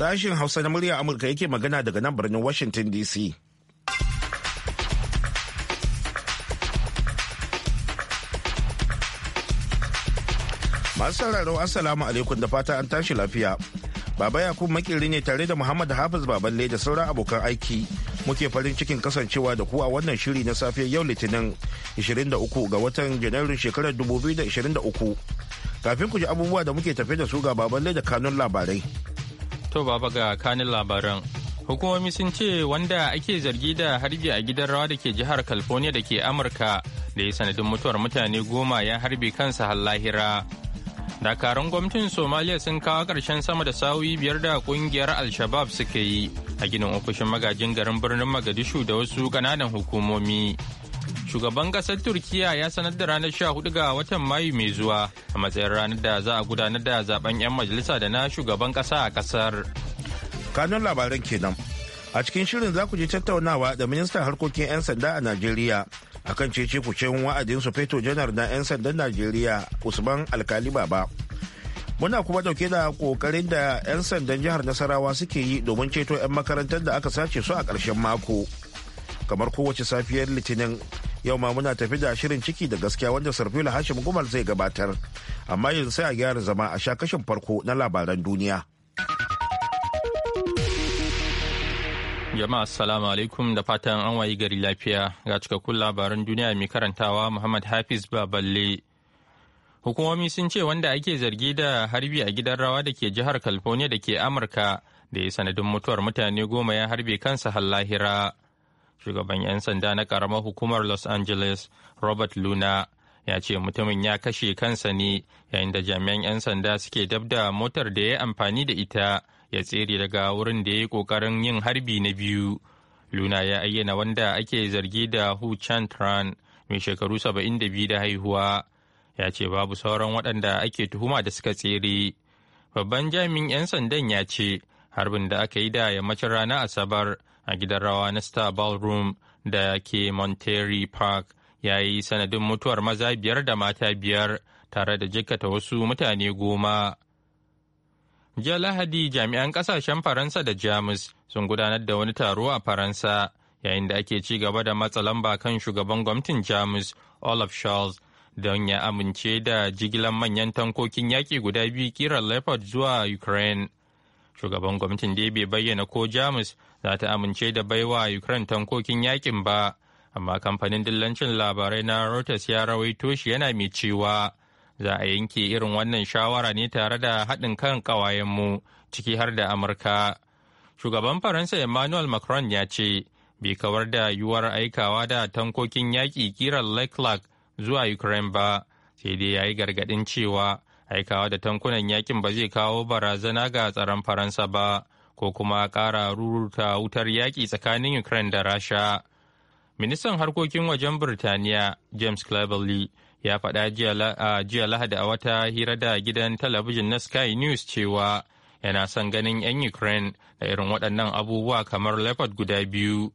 Sashen Hausa na murya Amurka yake magana daga nan birnin Washington DC. Masu sauraro Assalamu alaikum da fata an tashi lafiya. Baba Yakub makirri ne tare da Muhammad Hafiz Baballe da sauran abokan aiki. Muke farin cikin kasancewa da ku a wannan shiri na safiyar yau Litinin 23 ga watan Janairun shekarar 2023. Kafin ku ji abubuwa da muke tafe da su ga Baballe da kanun labarai. To baba ga kanin labaran. Hukumomi sun ce wanda ake zargi da harbi a gidan rawa da ke jihar California da ke Amurka da ya sanadin mutuwar mutane goma ya harbi kansa har lahira. Dakarun gwamnatin somalia sun kawo ƙarshen sama da sawi biyar da ƙungiyar Al-Shabaab suka yi a ginin ofishin magajin garin birnin Magadishu da wasu ƙananan hukumomi. shugaban kasar turkiya ya sanar da ranar 14 ga watan mayu mai zuwa a matsayin ranar da za a gudanar da zaben 'yan majalisa da na shugaban kasa a kasar kanun labaran kenan a cikin shirin za ku je tattaunawa da ministan harkokin 'yan sanda a najeriya akan cece kucin wa'adin su feto janar na 'yan sandan najeriya usman alkali baba muna kuma dauke da kokarin da 'yan sandan jihar nasarawa suke yi domin ceto 'yan makarantar da aka sace su a ƙarshen mako kamar kowace safiyar litinin yau ma muna tafi da shirin ciki da gaskiya wanda sarfila hashim gumal zai gabatar amma yanzu sai a gyara zama a sha kashin farko na labaran duniya jama'a assalamu alaikum da fatan an wayi gari lafiya ga cikakkun labaran duniya mai karantawa muhammad hafiz baballe hukumomi sun ce wanda ake zargi da harbi a gidan rawa da ke jihar california da ke amurka da ya sanadin mutuwar mutane goma ya harbe kansa har lahira shugaban 'yan sanda na karamar hukumar los angeles robert luna ya ce mutumin ya kashe kansa ne yayin da jami'an 'yan sanda suke dab da motar da ya amfani da ita ya tsere daga wurin da ya yi kokarin yin harbi na biyu luna ya ayyana wanda ake zargi da hu chantran mai shekaru 72 da haihuwa ya ce babu sauran waɗanda ake tuhuma da suka tsere babban jami'in 'yan sandan ya ce harbin da aka yi da yammacin rana asabar a gidan rawa na star ballroom da ke monterey park ya yi sanadin mutuwar maza biyar da mata biyar tare da jikkata wasu mutane goma jiya lahadi jami'an kasashen faransa da jamus sun gudanar da wani taro a faransa yayin da ake ci gaba da matsa lamba kan shugaban gwamnatin jamus olaf scholz don ya amince da jigilar manyan tankokin yaƙi guda biyu kiran leopard zuwa ukraine shugaban gwamnatin da bai bayyana ko jamus za ta amince da baiwa Ukraine tankokin yakin ba, amma kamfanin dillancin labarai na Reuters ya rawaito shi yana mai cewa za a yanke irin wannan shawara ne tare da haɗin kan ƙawayenmu ciki har da Amurka. Shugaban Faransa Emmanuel Macron ya ce, bai kawar da yuwar aikawa da tankokin yaƙi kiran Leclerc zuwa Ukraine ba, sai dai ya yi gargaɗin cewa aikawa da tankunan yakin ba zai kawo barazana ga tsaron Faransa ba. ko kuma ƙara rurruta wutar yaƙi tsakanin Ukraine da Rasha. Ministan harkokin wajen Birtaniya James Cleverly ya faɗa jiya Lahadi a wata hira da gidan talabijin na Sky News cewa yana son ganin 'yan Ukraine da irin waɗannan abubuwa kamar Leopard guda biyu.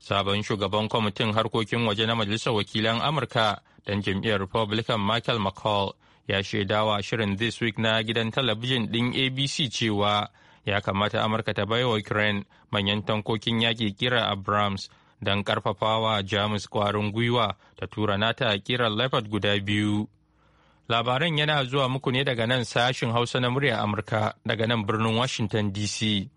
Sabon shugaban kwamitin harkokin waje na Majalisar Wakilan Amurka dan jam'iyyar Republican Michael McCall ya shaidawa shirin This Week na gidan talabijin ɗin ABC cewa ya kamata amurka ta baiwa ukraine manyan tankokin yaƙi kira abrams don ƙarfafawa jamus kwarin gwiwa ta tura nata kira leopard guda biyu labaran yana zuwa muku ne daga nan sashin hausa na murya amurka daga nan birnin washington dc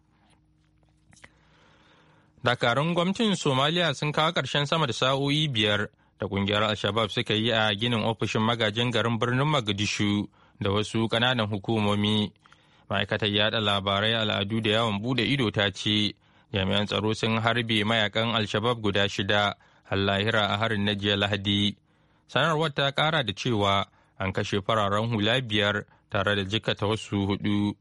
dakarun gwamnatin somaliya sun kawo ƙarshen sama da sa'o'i biyar da ƙungiyar al-shabab suka yi a ginin ofishin magajin garin birnin magadishu da wasu ƙananan hukumomi ma'aikatar yada labarai al'adu da yawon bude ido ta ce jami'an tsaro sun harbe mayakan alshabab guda shida lahira a harin na jiya lahadi sanarwar ta kara da cewa an kashe fararen hula biyar tare da jikata wasu hudu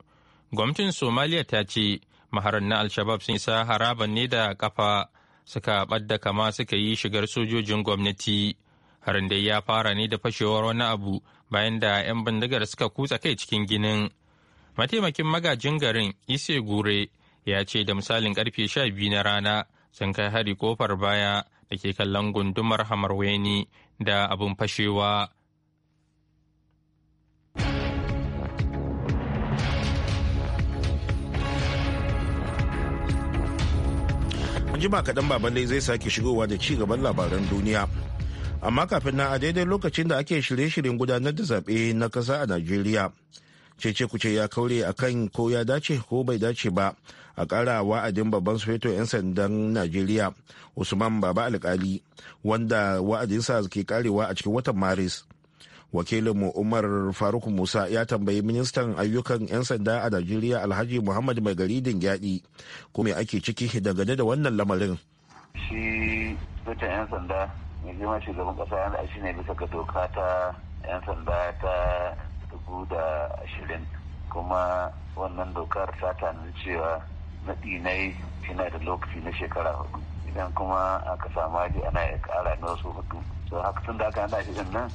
gwamnatin somaliya ta ce maharan na alshabab sun isa haraban ne da kafa suka ɓadda kama suka yi shigar sojojin gwamnati harin dai ya fara ne da fashewar wani abu bayan da 'yan bindigar suka kutsa kai cikin ginin mataimakin magajin garin ise gure ya ce da misalin karfe sha biyu na rana sun kai hari kofar baya da ke kallon gundumar hamarweni da abin fashewa jima kaɗan baban dai zai sake shigowa da ci gaban labaran duniya amma kafin na a daidai lokacin da ake shirye-shiryen gudanar da zaɓe na ƙasa a najeriya cece kuce ya kaure a kan ko ya dace ko bai dace ba a kara wa'adin babban sufeto 'yan sandan najeriya usman baba alkali wanda wa'adinsa ke karewa a cikin watan maris wakilin mu umar faruk musa ya tambayi ministan ayyukan 'yan sanda a najeriya alhaji muhammad mai gari gyaɗi kuma ake ciki dangane da wannan lamarin shi bitan 'yan sanda mai girma shugaban kasa yana shi ne bisa ga doka ta 'yan sanda ta ashirin kuma wannan dokar ta tanu cewa naɗi na yana da lokaci na shekara hudu idan kuma aka samu haji ana ya kara na wasu hudu to haka tun da aka hana shi din nan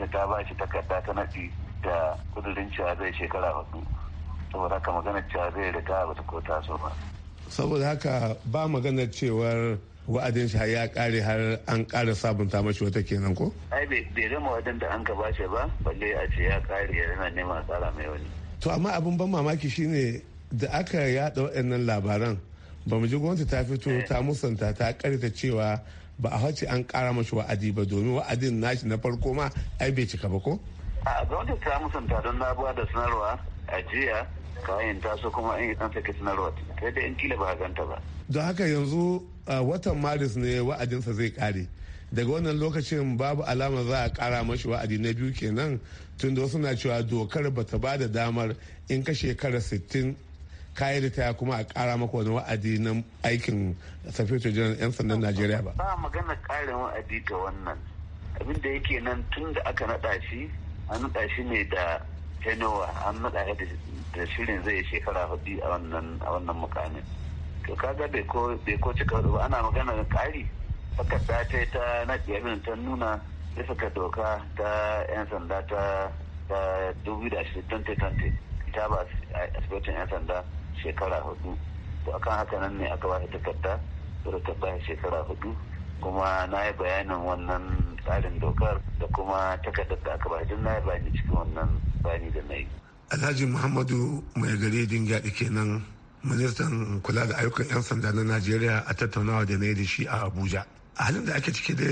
da ta ba shi takarda ta nadi da kudurin cewa zai shekara hudu saboda haka magana cewa zai riga ba ta ko taso ba saboda haka ba maganar cewar wa'adin shi ya kare har an kara sabunta mashi wata kenan ko? Ai bai zama wajen da an ka bace ba balle a ce ya kare yana neman tsara mai wani. To amma abin ban mamaki shine da aka yaɗa waɗannan labaran ba mu ji gwamnati ta fito eh. ta musanta ta karita cewa ba a hace an kara mashi wa'adi ba domin wa'adin nashi na farko ma ai bai cika ba ko? A gwamnati ta musanta don na da sanarwa a jiya kayan taso kuma in an sake sanarwa sai dai in kila ba a ganta ba don haka yanzu watan maris ne wa'adinsa zai kare daga wannan lokacin babu alama za a kara mashi wa'adi na biyu kenan da wasu na cewa dokar ba ta bada damar in ka shekara 60 kayi da taya kuma a kara maka wani wa'adi na aikin safeto jiran 'yan sandan najeriya ba ba magana karin wa'adi ga wannan abin da yake nan tun da aka naɗa shi a naɗa shi ne da nawa an naɗa da shirin zai shekara hudu a wannan mukamin to kaga bai ko cika ba ana magana da ƙari haka ta ta ta na ɗiyabin ta nuna bisa doka ta 'yan sanda ta ta tante ta ba asibitin 'yan sanda shekara hudu to akan haka nan ne aka ba ta takarda da ta ba shekara hudu kuma na yi bayanin wannan tsarin dokar da kuma takardar da aka bajin na bani cikin wannan bani da na yi. Alhaji Muhammadu mai gari Dingaɗi kenan ministan kula da ayyukan 'yan sanda na Najeriya a tattaunawa da na yi da shi a Abuja. A halin da ake ciki da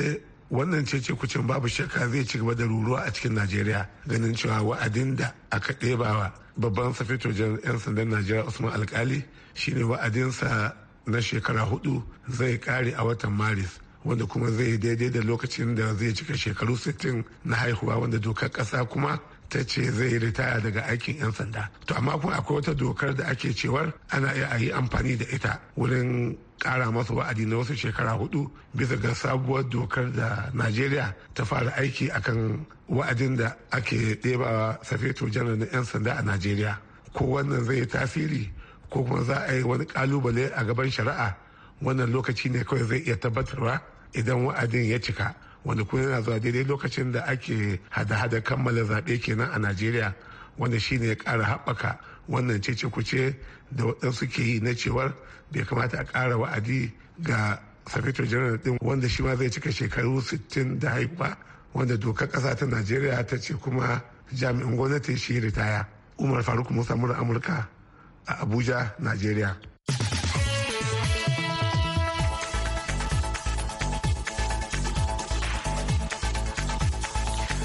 wannan cece kucin babu shakka zai ci gaba da ruruwa a cikin Najeriya ganin cewa wa'adin da aka ɗebawa babban safetojen 'yan sandan Najeriya Usman Alkali shine wa'adinsa na shekara hudu zai kare a watan Maris wanda kuma zai yi daidai da lokacin da zai cika shekaru 60 na haihuwa wanda dokar kasa kuma ta ce zai yi ritaya daga aikin 'yan sanda to amma kuma akwai wata dokar da ake cewar ana iya a yi amfani da ita wurin kara masa wa'adi na wasu shekara hudu bisa ga sabuwar dokar da najeriya ta fara aiki akan wa'adin da ake ɗebawa safeto janar na 'yan sanda a najeriya ko wannan zai yi tasiri ko kuma za a yi wani kalubale a gaban shari'a wannan lokaci ne kawai zai iya tabbatarwa idan wa'adin ya cika wanda kuma yana zuwa daidai lokacin da ake hada-hada kammala zaɓe kenan a najeriya wanda shine ya ƙara haɓaka wannan cece kuce da waɗansu ke yi na cewar bai kamata a ƙara wa'adi ga sakato janar din wanda shi ma zai cika shekaru 60 da haifa wanda dokar ƙasa ta najeriya ta ce kuma jami'in gwamnati shi ritaya umar faruk musa amurka a abuja najeriya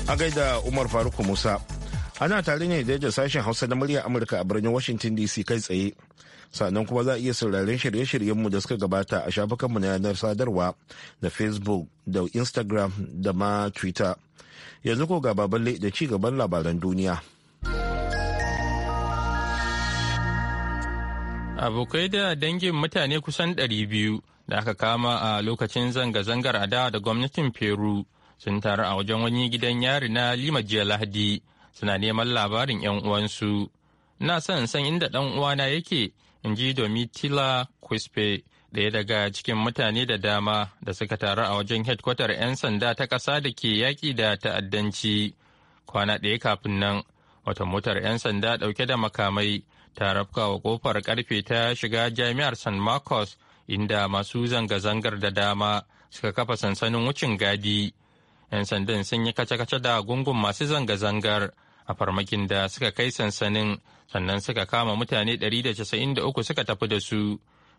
a gaida umar faruk musa ana tare ne da sashen hausa na murya amurka a birnin washington dc kai tsaye sannan kuma za a iya sauraren shirye-shiryenmu da suka gabata a shafukanmu na yanar sadarwa da facebook da instagram da ma twitter yanzu ko ga baballe da ci gaban labaran duniya abokai da dangin mutane kusan 200 da aka kama a lokacin zanga-zangar adawa da gwamnatin peru sun taru a wajen wani gidan yari na lima jiya lahadi suna neman labarin 'yan uwansu na son san inda dan uwana yake in ji domitila kuspe ɗaya daga cikin mutane da dama da suka taru a wajen hedkwatar 'yan sanda ta ƙasa da ke yaƙi da ta'addanci kwana ɗaya kafin nan wata motar 'yan sanda ɗauke da makamai ta rafka wa ƙofar karfe ta shiga jami'ar san marcos inda masu zanga-zangar da dama suka kafa sansanin wucin gadi 'yan sandan sun yi kace-kace da gungun masu zanga-zangar a farmakin da suka kai sansanin sannan suka kama mutane 193 suka tafi da su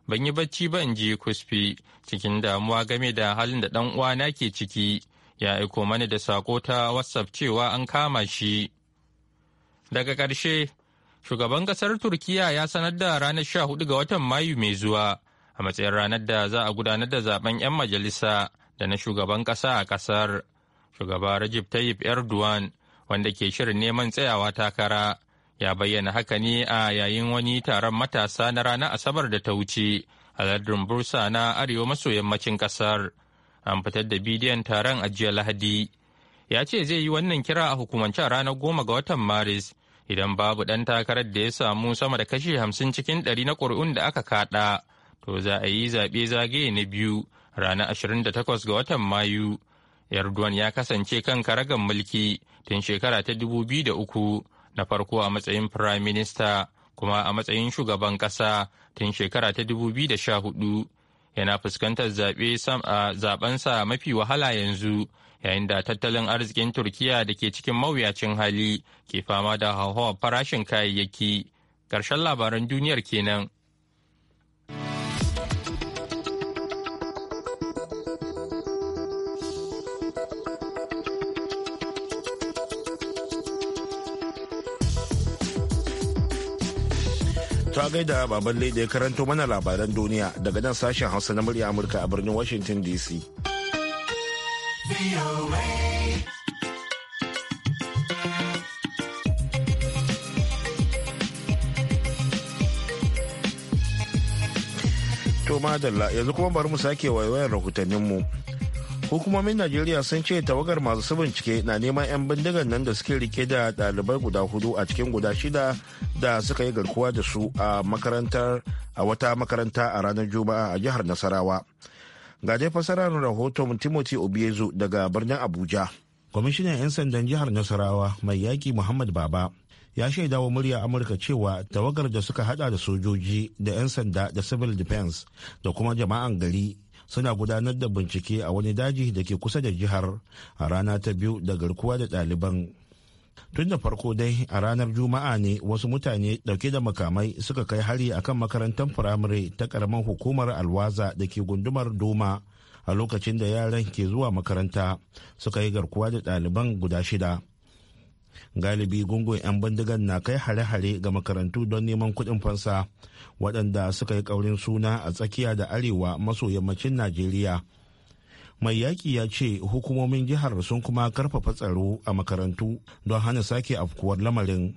ban yi bacci ba in ji kusfi cikin damuwa game da halin da dan uwana ke ciki ya aiko mani da sako ta whatsapp cewa an kama shi daga ƙarshe shugaban ƙasar turkiya ya sanar da ranar 14 ga watan mayu mai zuwa a matsayin ranar da za a gudanar da zaben 'yan majalisa da na shugaban ƙasa a ƙasar. shugaba Rajib Tayyip Erdogan wanda ke shirin neman tsayawa takara ya bayyana haka ne a yayin wani taron matasa na ranar Asabar da ta wuce a lardin Bursa na arewa maso yammacin kasar. An fitar da bidiyon taron a Lahadi. Ya ce zai yi wannan kira a hukumance a ranar goma ga watan Maris idan babu ɗan takarar da ya samu sama da kashi hamsin cikin ɗari na ƙuri'un da aka kaɗa. To za a yi zaɓe zagaye na biyu ranar takwas ga watan Mayu Erdogan ya kasance kan karagan mulki tun shekara ta da uku na farko a matsayin Prime Minister kuma a matsayin shugaban ƙasa tun shekara ta da hudu yana fuskantar zaɓensa mafi wahala yanzu yayin da tattalin arzikin Turkiya da ke cikin mawuyacin hali ke fama da hauhawar farashin kayayyaki. Ƙarshen labaran duniyar kenan. ta gaida baban da ya karanto mana labaran duniya daga nan sashen hausa na murya amurka a birnin washington dc to madalla yanzu kuma bari mu sake rahotannin rahotanninmu hukumomin najeriya sun ce tawagar masu bincike na neman 'yan bindigar nan da suke rike da ɗalibai guda hudu a cikin guda shida da suka yi garkuwa da su a makarantar a wata makaranta a ranar juma'a a jihar nasarawa ga dai fasarar rahoton timothy obiezu daga birnin abuja kwamishinan 'yan sandan jihar nasarawa mai yaƙi muhammad baba ya shaida wa murya amurka cewa tawagar da suka hada da sojoji da 'yan sanda da civil defense da kuma jama'an gari suna gudanar da bincike a wani daji da ke kusa da jihar a rana ta biyu da garkuwa da ɗaliban tun da farko dai a ranar juma'a ne wasu mutane dauke da makamai suka kai hari akan makarantar firamare ta karamar hukumar alwaza da ke gundumar doma a lokacin da yaran ke zuwa makaranta suka yi garkuwa da ɗaliban guda shida galibi gungun 'yan bindigan na kai hare-hare ga makarantu don neman kuɗin fansa waɗanda suka yi ƙaurin suna a tsakiya da arewa maso yammacin najeriya mai yaƙi ya ce hukumomin jihar sun kuma karfafa tsaro a makarantu don hana sake afkuwar lamarin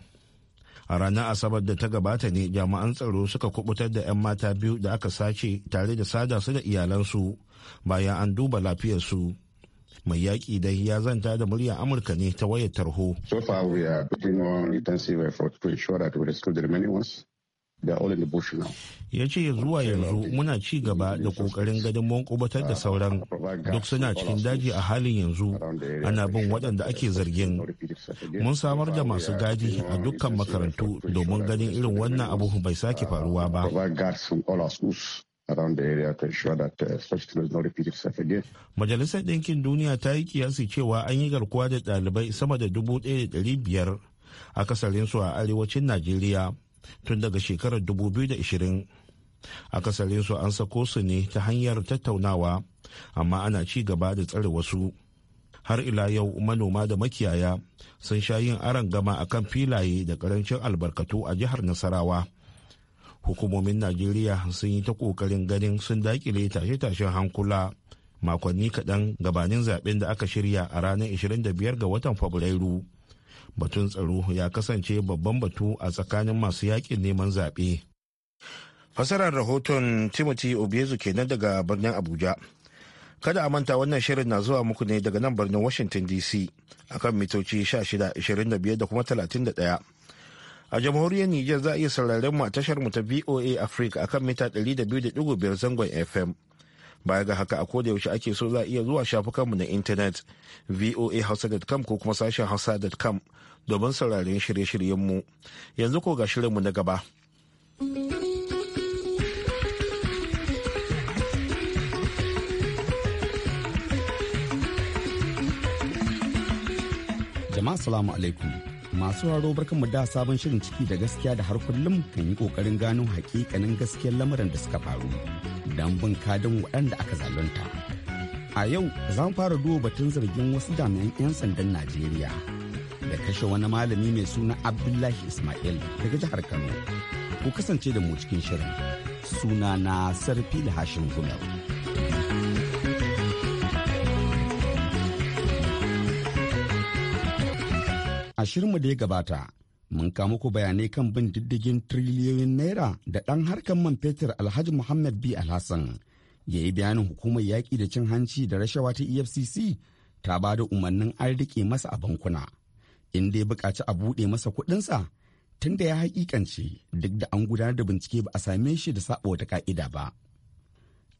a ranar asabar da ta gabata ne jami'an tsaro suka kubutar da 'yan mata biyu da aka sace tare da sada su da iyalansu bayan an duba lafiyarsu. su mai yaƙi dai ya zanta da murya amurka ne ta wayar tarho so far we are putting on intensive effort to ensure that we rescue the remaining ones ya ce zuwa yanzu muna ci gaba da kokarin gadon mun da uh, sauran duk suna cikin daji a halin yanzu ana bin waɗanda ake zargin mun samar da masu gadi a dukkan makarantu domin ganin irin wannan abu bai sake uh, faruwa ba around the area to ensure that uh, such things don't repeat itself again. Majalisar Ɗinkin Duniya ta yi kiyasi cewa an yi garkuwa da ɗalibai sama da dubu ɗaya da ɗari biyar a su a arewacin Najeriya tun daga shekarar dubu biyu da kasarin su an sako su ne ta hanyar tattaunawa amma ana ci gaba da tsare wasu. Har ila yau manoma da makiyaya sun sha yin aron gama kan filaye da karancin albarkatu a jihar Nasarawa. hukumomin najeriya sun yi ta kokarin ganin sun dakile tashe-tashen hankula makonni kaɗan gabanin zaben da aka shirya a ranar 25 ga watan fabrairu batun tsaro ya kasance babban batu a tsakanin masu yakin neman zaɓe. fasarar rahoton timothy obiezu kenan daga birnin abuja kada a manta wannan shirin na zuwa muku ne daga nan birnin washington dc akan mitoci 16 25 da kuma 31 A jamhuriyar Nijar za a iya sauraren mu a tashar mu ta VOA Africa a kan mita 200.5 zangon FM. Baya ga haka a koda yaushe ake so za a iya zuwa shafukanmu na intanet voahausa.com ko kuma sashen hausa.com domin sauraren shirye shiryen mu Yanzu ko ga shirin mu na gaba. Jama'a salamu alaikum. masu raro barkanmu da sabon shirin ciki da gaskiya da har kullum kan yi kokarin gano hakikanin gaskiyar lamarin da suka faru don bin kadin waɗanda aka zalunta a yau za mu fara duba batun zargin wasu jami'an 'yan sandan najeriya da kashe wani malami mai suna abdullahi ismail daga jihar kano ku kasance da mu cikin shirin suna na sarfi da hashin gumel shirinmu da ya gabata mun kama muku bayanai kan bin diddigin tiriliyoyin naira da ɗan harkar man fetur alhaji muhammad b alhassan ya yi bayanin hukumar yaƙi da cin hanci da rashawa ta efcc ta ba da umarnin an riƙe masa a bankuna inda ya buƙaci a buɗe masa kuɗinsa tun da ya haƙiƙance duk da an gudanar da bincike ba a same shi da saɓa wata ƙa'ida ba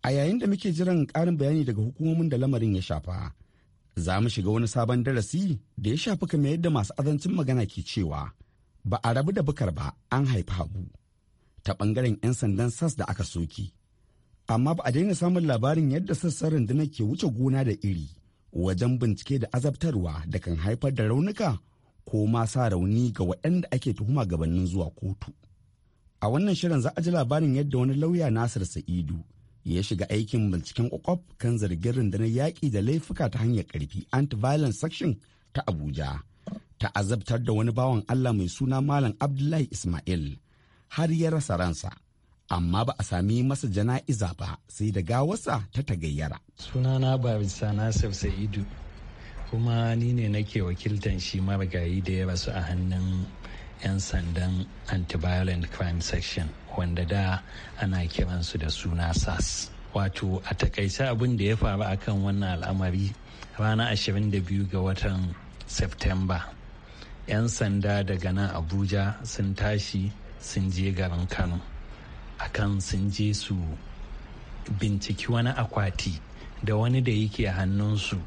a yayin da muke jiran ƙarin bayani daga hukumomin da lamarin ya shafa za mu shiga wani sabon darasi da ya shafi kamar yadda masu azancin magana ke cewa ba a rabu da bukar ba an haifi habu ta bangaren 'yan sandan sas da aka soki amma ba a daina samun labarin yadda sassan rundunar ke wuce gona da iri wajen bincike da azabtarwa da kan haifar da raunuka ko ma sa rauni ga waɗanda ake tuhuma gabanin zuwa kotu a wannan shirin za a ji labarin yadda wani lauya nasir sa'idu ya shiga aikin binciken kwakwaf kan zargin rundunar yaƙi da laifuka ta hanyar ƙarfi anti-violence section ta abuja ta azabtar da wani bawan allah mai suna malam abdullahi ismail har ya rasa ransa amma ba a sami masa jana'iza ba sai da gawarsa ta tagayyara sunana bisa nasir sa'idu kuma ni ne nake wakiltan shi marigayi da ya rasu a hannun 'yan sandan anti-violent crime section wanda da ana kiransu da suna sas wato a takaice abin da ya faru akan wannan al'amari ranar 22 ga watan september 'yan sanda daga nan abuja sun tashi sun je garin kano akan sun je su binciki wani akwati da wani da yake hannunsu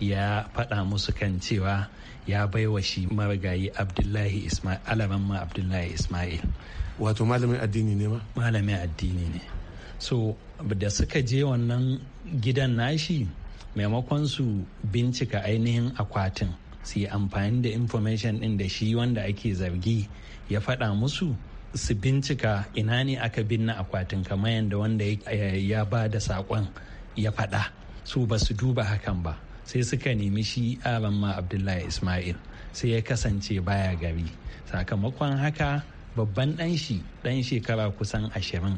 ya faɗa musu kan cewa ya baiwa shi marigayi abdullahi ismail alaman abdullahi ismail wato malamin addini ne ma malamin addini ne so da suka je wannan gidan nashi maimakon su bincika ainihin akwatin su yi amfani da information ɗin da shi wanda ake zargi ya faɗa musu su bincika ina ne aka binna akwatin kamar yadda wanda ya ba da saƙon ya faɗa su ba su duba hakan ba sai suka nemi shi aramma abdullahi ismail sai ya kasance baya gari sakamakon haka babban ɗan shi ɗan shekara kusan ashirin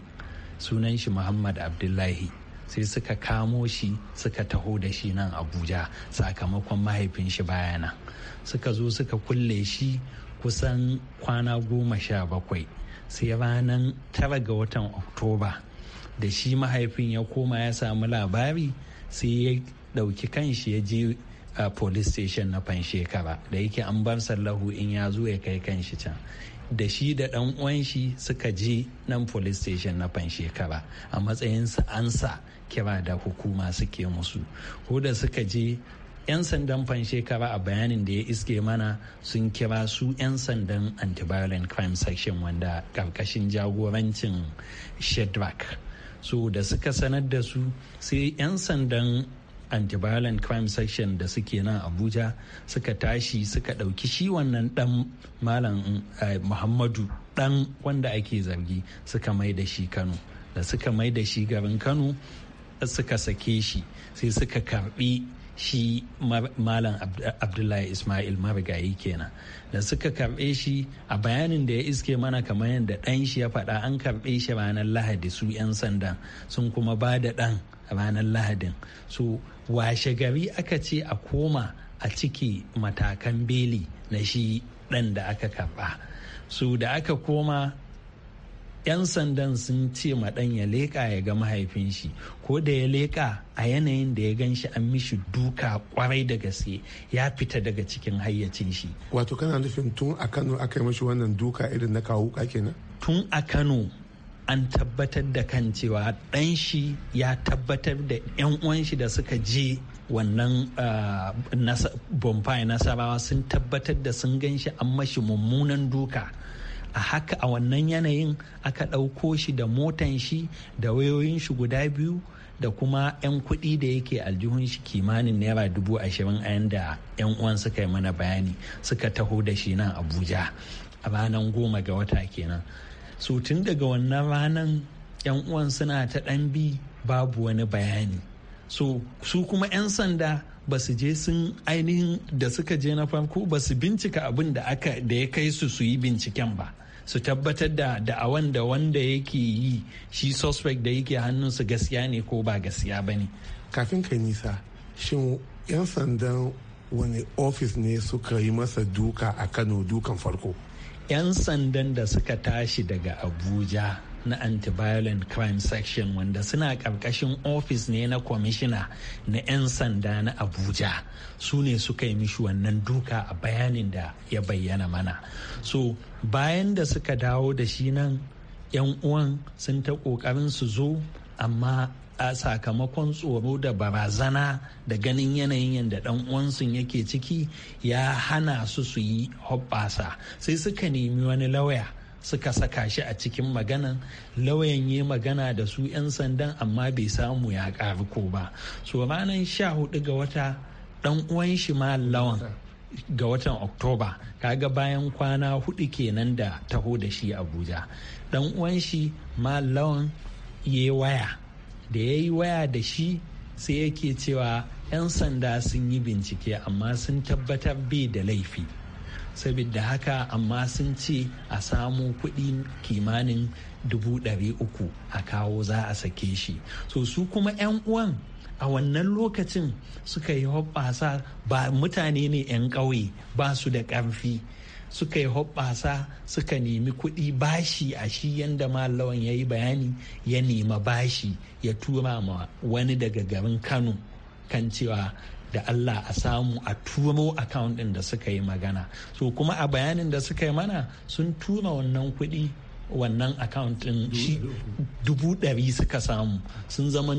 sunan shi muhammad abdullahi sai suka kamo shi suka taho da shi nan abuja sakamakon mahaifin shi baya bayana suka zo suka kulle shi kusan kwana goma sha bakwai sai ranar tara ga watan oktoba da shi mahaifin ya koma ya samu labari sai ya ɗauki kanshi ya je a police station na shekara da yake an bar sallahu in ya zo ya kai kanshi can da shi da dan uwan shi suka je nan police station na shekara a matsayin an sa kira da hukuma suke musu ko da suka je 'yan sandan shekara a bayanin da ya iske mana sun kira su 'yan sandan anti-violent crime section wanda karkashin jagorancin shedrack so da suka sanar da su sai 'yan sandan anti-violent crime section da suke nan abuja suka tashi suka ɗauki shi wannan ɗan malam eh, muhammadu ɗan wanda ake zargi suka mai da shi kano da suka mai da shi garin kano suka sake shi sai suka karbi shi malam abdullahi ismail marigayi kenan da suka karbe shi a bayanin da ya iske mana kamar yadda ɗan shi ya faɗa an karbe shi ranar lahadi su 'yan sandan sun kuma ba da ɗan ranar lahadin so washe gari aka ce a koma a ciki matakan beli na shi ɗan da aka karɓa su da aka koma 'yan sandan sun ce ɗan ya leƙa ya ga mahaifin shi ko da ya leƙa a yanayin da ya gan shi an mishi duka kwarai da gaske ya fita daga cikin hayyacin shi wato kana nufin tun a kano aka yi mashi wannan duka irin na kawo kenan tun a kano an tabbatar da kan cewa ɗan shi ya tabbatar da 'yan uwan shi da suka je wannan uh, bonfire nasarawa sun tabbatar da sun gan shi an mashi mummunan duka a haka a wannan yanayin aka ɗauko shi da motan shi da wayoyin shi guda biyu da kuma 'yan kuɗi da yake aljihun shi kimanin naira dubu ashirin a yanda 'yan uwan suka yi mana bayani suka taho da shi nan abuja a ranar goma ga wata kenan so tun daga wannan ranan yan uwan suna ta ɗan bi babu wani bayani so su kuma 'yan sanda ba su je sun ainihin da suka je na farko ba su bincika abin da aka da ya kai su su yi binciken ba su tabbatar da da'awan da wanda yake yi shi suspect da yake hannunsu gaskiya ne ko ba gaskiya ba ne kafin kai nisa shin 'yan sandan wani ofis ne suka yi masa duka a kano dukan farko 'yan sandan da suka tashi daga abuja na anti-violent crime section wanda suna karkashin ofis ne na kwamishina na 'yan sanda na abuja su ne suka yi mishi wannan duka a bayanin da ya bayyana mana so bayan da suka dawo da shi nan 'yan uwan sun ta kokarin su zo amma a sakamakon tsoro da barazana da ganin yanayin yadda dan uwansu yake ciki ya hana su su yi hoɓɓasa sai suka nemi wani lauya suka saka shi a cikin maganan lauyan yi magana da su 'yan sandan amma bai samu ya karu ko ba so ranar sha hudu ga wata dan uwan shi ma lawan ga watan oktoba kaga bayan kwana hudu kenan da taho da shi abuja dan uwan shi ma lawan ya waya da ya yi waya da shi sai yake cewa 'yan sanda sun yi bincike amma sun tabbatar bai da laifi saboda haka amma sun ce a samu kuɗi kimanin dubu dare uku a kawo za a sake shi so su kuma 'yan uwan a wannan lokacin suka yi hoɓɓasa ba mutane ne 'yan ƙauye ba su da ƙarfi suka yi hoɓɓasa suka nemi kuɗi bashi a shi yadda malawan ya yi bayani ya nema bashi ya tura ma wani daga garin kano kan cewa da Allah a samu a turo account ɗin da suka yi magana so kuma a bayanin da suka yi mana sun tura wannan kuɗi wannan account ɗin shi dubu ɗari suka samu sun zama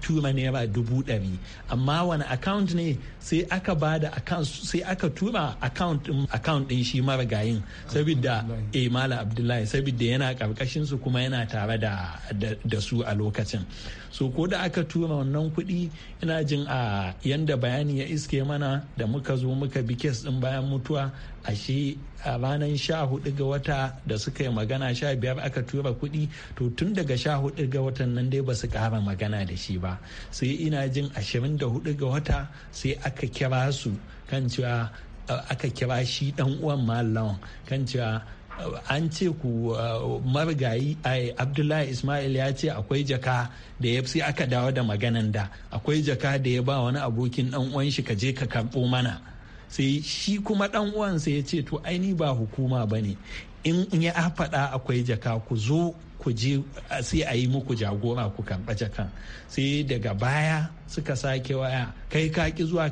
tura naira dubu ɗari amma wani account ne sai aka ba da sai aka tura account ɗin shi marigayin saboda eh mala abdullahi saboda yana karkashin su kuma yana tare da da su a lokacin so ko da aka tura wannan kuɗi ina jin a yanda bayani ya iske mana da muka zo muka bi kes ɗin bayan mutuwa ashe a ranar sha hudu ga wata da suka yi magana sha biyar aka tura kuɗi to tun daga sha hudu ga watan nan dai ba su ƙara magana da shi ba sai ina jin 24 ga wata sai aka kira su kan cewa eh, aka kira shi dan uwan mallawan kan cewa eh, an ce ku eh, marigayi abdullahi ismail ya ce akwai jaka da ya sai aka dawo da maganan da akwai jaka da ya ba wani abokin dan uwan shi ka je ka karbo mana sai shi kuma dan uwan sai ya ce to aini ba hukuma ba ne in ya faɗa akwai jaka ku zo ku je sai a yi muku jagora ku karɓa jakan sai daga baya suka sake waya kai ka ki zuwa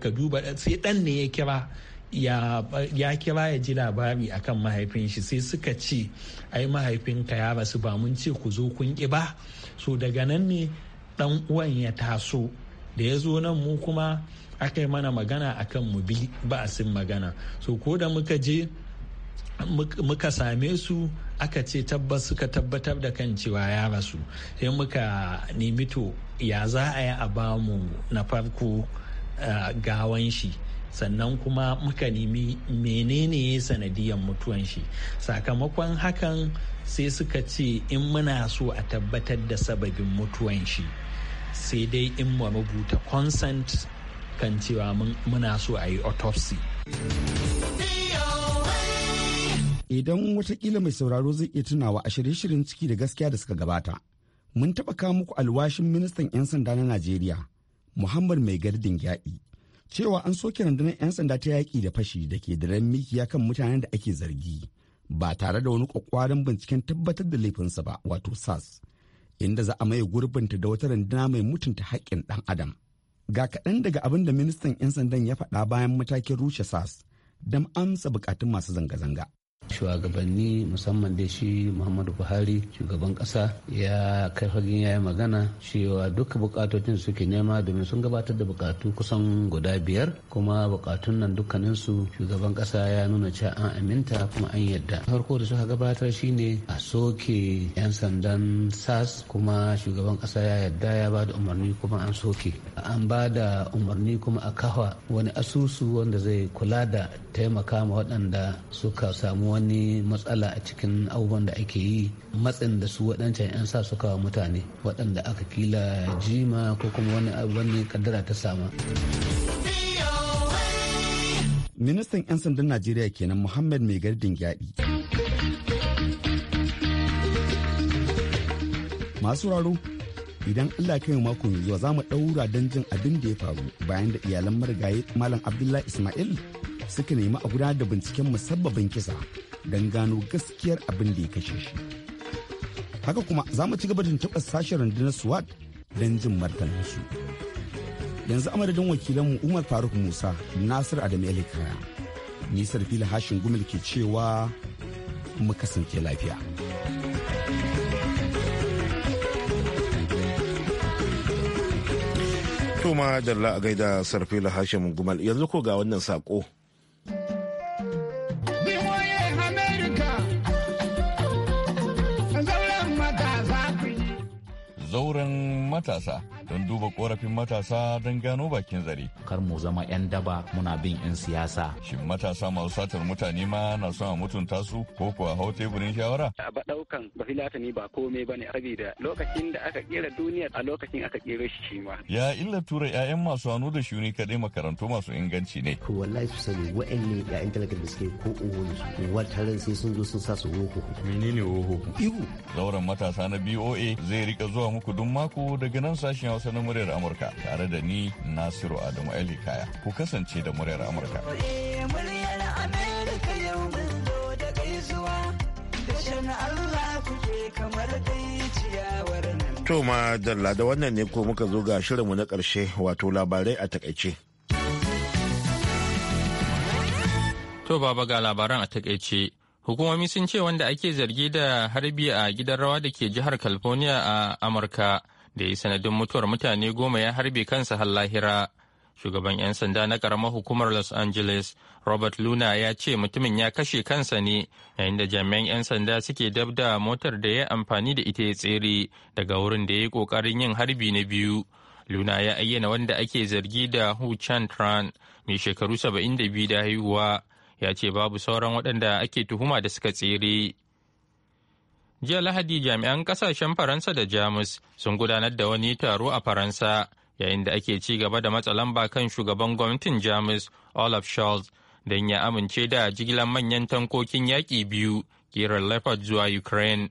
ka duba sai dan ne ya kira ya kira ya ji labari akan mahaifin shi sai suka ce ai mahaifinka ya rasu ba mun ce ku zo kun ki ba so daga nan ne dan uwan ya taso da ya zo nan mu kuma aka yi mana magana akan mu bi sin magana so ko da muka je muka same su aka ce tabbas suka tabbatar da kan cewa ya rasu sai muka nemi to ya za a yi a bamu na farko eh, gawan shi sannan kuma muka nemi menene ya sanadiyar mutuwan shi sakamakon hakan sai suka ce in muna so a tabbatar da sababin mutuwan shi sai dai in mu rubuta consent kan cewa muna so a yi autopsy idan watakila mai sauraro zai iya tunawa a shirye-shiryen ciki da gaskiya da suka gabata mun taɓa kawo muku alwashin ministan 'yan sanda na najeriya muhammad mai gardin yaƙi cewa an soke rundunar 'yan sanda ta yaƙi da fashi da ke da ran mikiya kan mutanen da ake zargi ba tare da wani kwakwaran binciken tabbatar da laifinsa ba wato sas inda za a maye gurbinta da wata runduna mai mutunta haƙƙin ɗan adam ga kaɗan daga abin da ministan 'yan sandan ya faɗa bayan matakin rushe sas don amsa bukatun masu zanga-zanga shugabanni musamman da shi muhammadu buhari shugaban kasa ya kai fagen ya yi magana cewa duka bukatocin suke nema domin sun gabatar da bukatu kusan guda biyar kuma bukatun nan dukkaninsu shugaban kasa ya nuna cewa an aminta kuma an yadda farko da suka gabatar shine a soke yan sandan sas kuma shugaban kasa ya yadda ya bada umarni kuma an soke an bada umarni kuma a kafa wani asusu wanda zai kula da taimaka ma waɗanda suka samu wani matsala a cikin abubuwan da ake yi matsin da su waɗancan 'yan sa suka wa mutane waɗanda aka kila jima ko kuma wani wani kaddara ta sama. ministan 'yan sandan najeriya kenan muhammad mai gardin gyaɗi masu raro idan Allah kai mako mai zuwa za mu ɗaura don jin abin da ya faru bayan da iyalan marigayi Malam Abdullahi Ismail suka nemi a gudanar da binciken musabbabin kisa don gano gaskiyar abin da ya kashe shi haka kuma za mu ci gaba da taɓa sashen rundunar swat don jin martaninsu yanzu amadadin wakilanmu umar faruk musa nasir adam elikaya nisar fili hashin gumil ke cewa mu kasance lafiya Tuma da a gaida sarfila hashim gumal yanzu ko ga wannan sako. matasa don duba korafin matasa don gano bakin zare. Kar mu zama 'yan daba muna bin 'yan siyasa. Shin matasa masu satar mutane ma na son a mutunta su ko kuwa hau teburin shawara? Ba daukan ba filatani ba komai ba ne saboda lokacin da aka kera duniya a lokacin aka kera shi shi ma. Ya illa tura 'ya'yan masu hannu da shuni kaɗai makarantu masu inganci ne. Ko wallahi su sani wa'anne 'ya'yan talaka da suke ko uwan su ran sai sun zo sun sa su woho. Menene woho? Ihu. Zauren matasa na BOA zai rika zuwa muku duk mako daga nan sashen Hausa na muryar Amurka tare da ni Nasiru Adamu Ali Kaya. Ku kasance da muryar Amurka. To ma dalla da wannan ne ko muka zo ga shirinmu na ƙarshe wato labarai a takaice. To baba ga labaran a takaice. Hukumomi sun ce wanda ake zargi da harbi a gidan rawa da ke jihar California a Amurka da ya sanadin mutuwar mutane goma ya harbe kansa har lahira. Shugaban 'yan sanda na ƙaramar hukumar Los Angeles, Robert Luna ya ce mutumin ya kashe kansa ne yayin da jami'an 'yan sanda suke dabda motar da ya amfani da ita ya tsere daga wurin da ya yi ƙoƙarin yin harbi na biyu. Luna ya ayyana wanda ake zargi da Hu Chan Tran mai shekaru 72 da haihuwa ya ce babu sauran waɗanda ake tuhuma da suka tsere. jiya lahadi jami'an kasashen faransa da jamus sun gudanar da wani taro a faransa yayin da ake ci gaba da matsalan lamba kan shugaban gwamnatin jamus olaf scholz don ya amince da jigilar manyan tankokin yaƙi biyu kirar leopard zuwa ukraine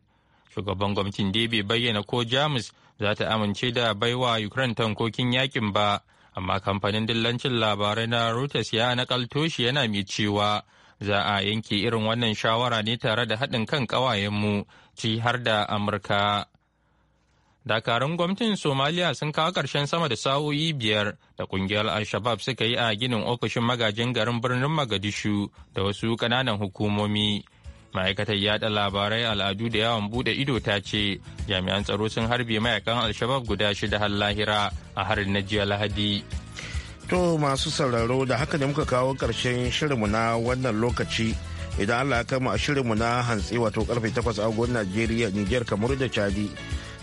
shugaban gwamnatin da bai bayyana ko jamus za ta amince da baiwa ukraine tankokin yaƙin ba amma kamfanin dillancin labarai na reuters ya nakalto shi yana mai cewa za a yanke irin wannan shawara ne tare da haɗin kan ƙawayenmu ci har da amurka dakarun gwamnatin somaliya sun kawo ƙarshen sama da sa'o'i biyar da ƙungiyar al-shabab suka yi a ginin ofishin magajin garin birnin magadishu da wasu ƙananan hukumomi ma'aikatar yada labarai al'adu da yawon bude ido ta ce jami'an tsaro sun harbe mayakan al-shabab guda shida har lahira a harin na jiya lahadi To masu sauraro da haka ne muka kawo ƙarshen shirinmu na wannan lokaci idan Allah ya kama shirinmu na hantsi wato karfe 8 agogon Najeriya, Nijar, kamar da Chadi.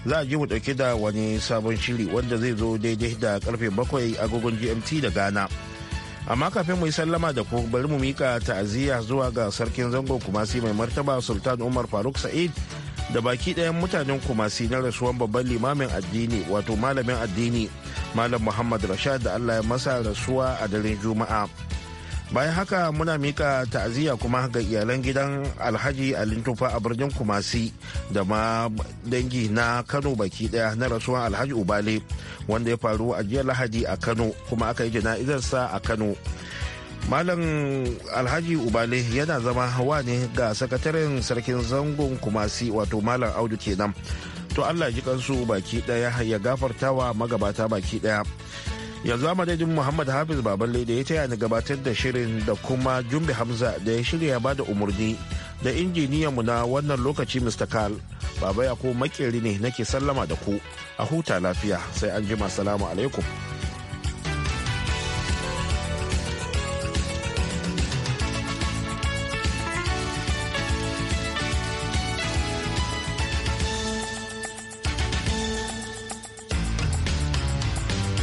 Za a ji mu dauke da wani sabon shiri wanda zai zo daidai da karfe 7 agogon GMT da Ghana. Amma kafin mu yi sallama da ku bari mu mika ta'aziyya zuwa ga sarkin zango Kumasi mai martaba Sultan Umar Faruk Sa'id da baki ɗayan mutanen kumasi na rasuwan babban limamin addini wato malamin addini malam muhammad rashad da allah ya masa rasuwa a daren juma'a bayan haka muna mika ta'aziyya kuma ga iyalan gidan alhaji alintufa a birnin kumasi da ma dangi na kano baki daya na rasuwan alhaji ubale wanda ya faru a jiya lahadi a kano kuma aka yi jana'izarsa a kano malam alhaji ubale yana zama hawa ne ga sakataren sarkin zangon kumasi wato malam audu kenan to allah ji kansu baki daya ya gafartawa magabata baki daya yanzu madadin muhammad hafiz baballe da ya taya ni gabatar da shirin da kuma jumbe hamza da ya shirya ba da umarni da mu na wannan lokaci mr kal baba ya ko makeri ne nake sallama da ku a huta lafiya sai an jima salamu alaikum